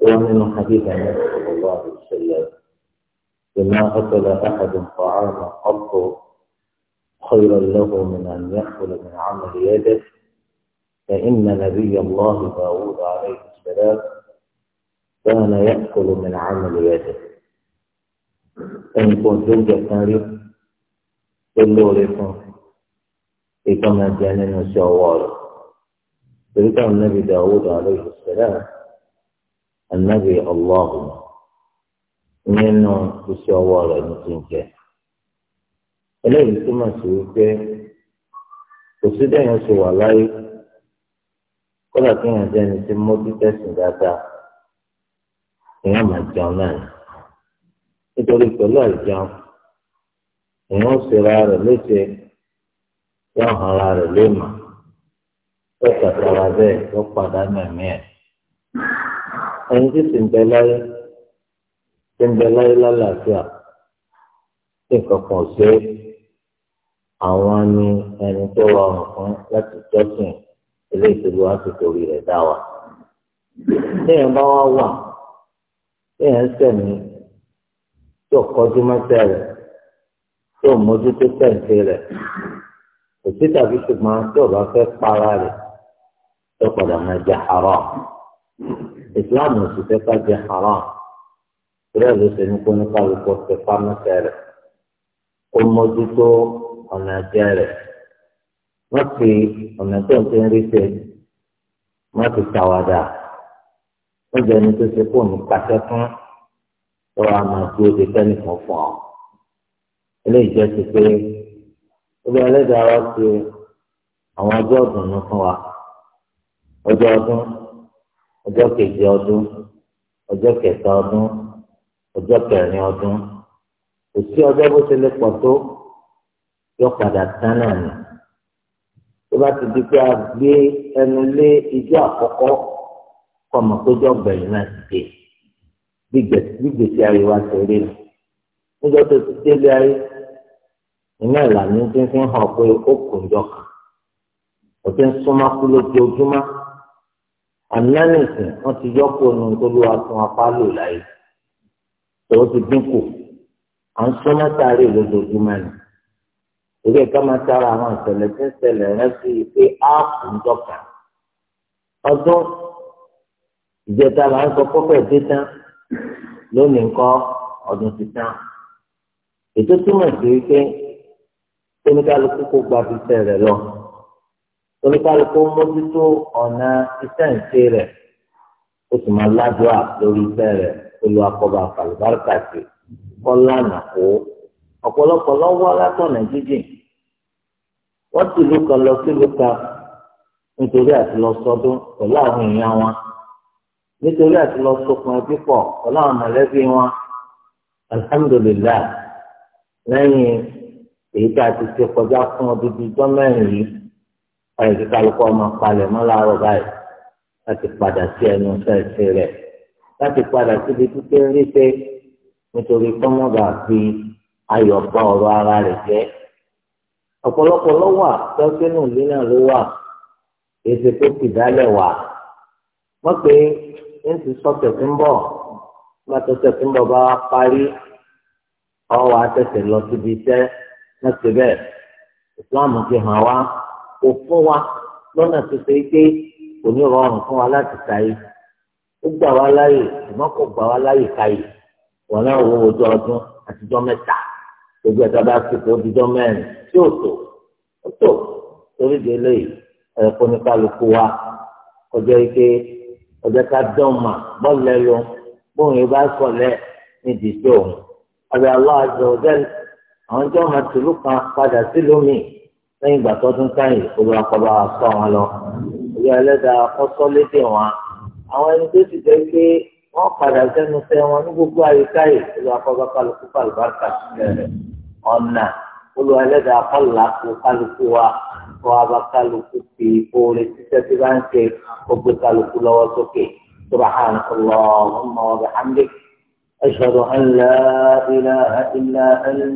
ومن حديث النبي صلى الله عليه وسلم إن أكل أحد طعاما قط خيرا له من أن يأكل من عمل يده فإن نبي الله داود عليه السلام كان يأكل من عمل يده أن كنت زوجة تاريخ كله لكم في كما كان النبي داود عليه السلام anabi ọlọ́run nínú iṣẹ́ ọwọ́ rẹ̀ ní ti ń jẹ. eléyìí túmọ̀ sí wípé kò sí dẹ́yìn oṣù wà láyé kódà kí èèyàn jẹ́ ẹni tí mójú tẹ̀sìn dáadáa èèyàn ẹni tí sì ń bẹ láyé tí ń bẹ láyé lálàáfíà tí nǹkan kan ṣe àwọn ni ẹni tó rọrùn fún láti jọ́sìn ilé ìṣèlú àsìkò rí rẹ̀ dá wa. téèyàn bá wá wà téèyàn sẹ̀mí tí ò kọjú mọ́sẹ̀ rẹ̀ tí ò mójútó tẹ̀sí rẹ̀ kò sí tàbí ṣùgbọ́n tí ò bá fẹ́ para rẹ̀ tó padà máa jẹ àárọ̀ islam ò sì fẹ́ ká jẹ haram rẹ̀ ló ṣe ní kó ní kálukú ṣe fámẹ́sẹ̀ rẹ̀ kó mójútó ọ̀nà jẹ rẹ̀ má fi ọ̀nà tó ń ti ń rí ṣe má fi ṣàwádà wọ́n jẹ́ ẹni tó ṣe kó ní pàṣẹ fún lọ́wọ́ àmọ́ tí ó ti tẹ́lẹ̀ kan fún ọ. eléyìí jẹ́ ti pé ọba ẹlẹ́dàá wa ṣe àwọn ọjọ́ ọdún fún wa ọjọ́ ọdún ọjọ́ kejì ọdún ọjọ́ kẹta ọdún ọjọ́ kẹrin ọdún kò sí ọjọ́ bó ṣe lè pọ̀ tó yọ padà tán náà nì tó bá ti di pé a gbé ẹnu lé ijó àkọ́kọ́ kọmọ péjọ gbẹ̀yìn náà ti dé gbígbèsè ayé wa ṣe rí nù níjọ́ tó ti délé ayé iná ìlànà tí ń fi hàn pé ó kò jọ kàn ó ti ń súnmọ́ kú lójoojúmọ́ ànánìsìn wọn ti yọ kó nu nítorí wa fún apá lò láyé tòun ti dínkù à ń sọ mọ́tàrí lójoojúmọ́ ni ìwé ẹ̀ka máa tara àwọn ìṣẹ̀lẹ̀ tí ń ṣẹlẹ̀ rántí pé áàpù ń dọ̀kà ọdún ìjẹta là ń sọ pọ́pẹ́ dé tán lónìí ńkọ́ ọdún ti tán ètò túmọ̀ sí wípé oníkálukú kó gba fífẹ́ rẹ̀ lọ oníkálukú mójútó ọ̀nà iṣẹ́ ìṣe rẹ̀ ó sì máa ládùá lórí iṣẹ́ rẹ̀ olú akọba fàlùbáríkà sí kọ́lá nàkó ọ̀pọ̀lọpọ̀ lọ́wọ́ látọ̀nà jíjìn wọ́n ti lù kan lọ sí lùkà nítorí àti lọ sọdún pẹ̀lú àwọn èèyàn wọn nítorí àti lọ sọkùn ẹbí pọ̀ pẹ̀lú àwọn mọ̀lẹ́bí wọn alhamdulilayi lẹ́yìn èyí tá a ti ṣe kọjá fún ọdún bíi jọ́mẹ́rin yìí báyìí kí kálukọ́ máa palẹ̀ mọ́ láàárọ̀ báyìí láti padà sí ẹnu sẹ́ẹ̀sì rẹ̀ láti padà síbi pípẹ́ rí pé nítorí kọ́mọ́gà fi ayọ̀ bá ọ̀rọ̀ ara rẹ̀ jẹ́ ọ̀pọ̀lọpọ̀ ló wà tọ́sínú ilé náà ló wà èsì tó kì dálẹ̀ wà wọ́n pé ń ti sọ́tẹ̀ tí ń bọ̀ bá tọ́tẹ̀ tí ń bọ̀ bá wá parí ọwọ́ àtẹ̀tẹ̀ lọ síbi iṣẹ́ náà síbẹ̀ Islam fi hàn wá kò fún wa lọ́nà tó ṣe pé kò ní rọrùn fún wa láti ṣàyè ó gbà wá láyè ṣùgbọ́n kò gbà wá láyè káyè wọn náà wo ojú ọdún àtijọ́ mẹ́ta gbogbo ẹ̀ka bá ti kó ojújọ́ mẹ́rin tí ò tó ó tó torí de eléyìí ẹ̀kọ́ ní kálukú wa ọjọ́ ike ọjọ́ ká dánmà bọ́ọ̀lù lọ bóun yóò bá sọ̀lẹ̀ nídìí tó òun ọ̀rẹ́ aláàjọ ọ̀dẹ́lẹ̀ àwọn jọ́ọ̀mà tìlú kan padà sílùú míì lẹ́yìn ìgbà tó tún káyìn olúwa kọ́ bá wa sọ wọn lọ olúwa ẹlẹ́dàá ọkọ́ lédè wọn àwọn ẹni tó ti jẹ́ pé wọ́n padà sẹ́nu fẹ́ wọn ní gbogbo àyíká yìí olúwa kọ́ bá kálukú kálùbáríkà sílẹ̀ ọ̀nà olúwa ẹlẹ́dàá kọ́ làákù kálukú wa kọ́ wa kálukú fi oore títẹ́ tí bá ń ṣe gbogbo kálukú lọ́wọ́ sókè subhanallahumma wa bihamdik ashhadu an la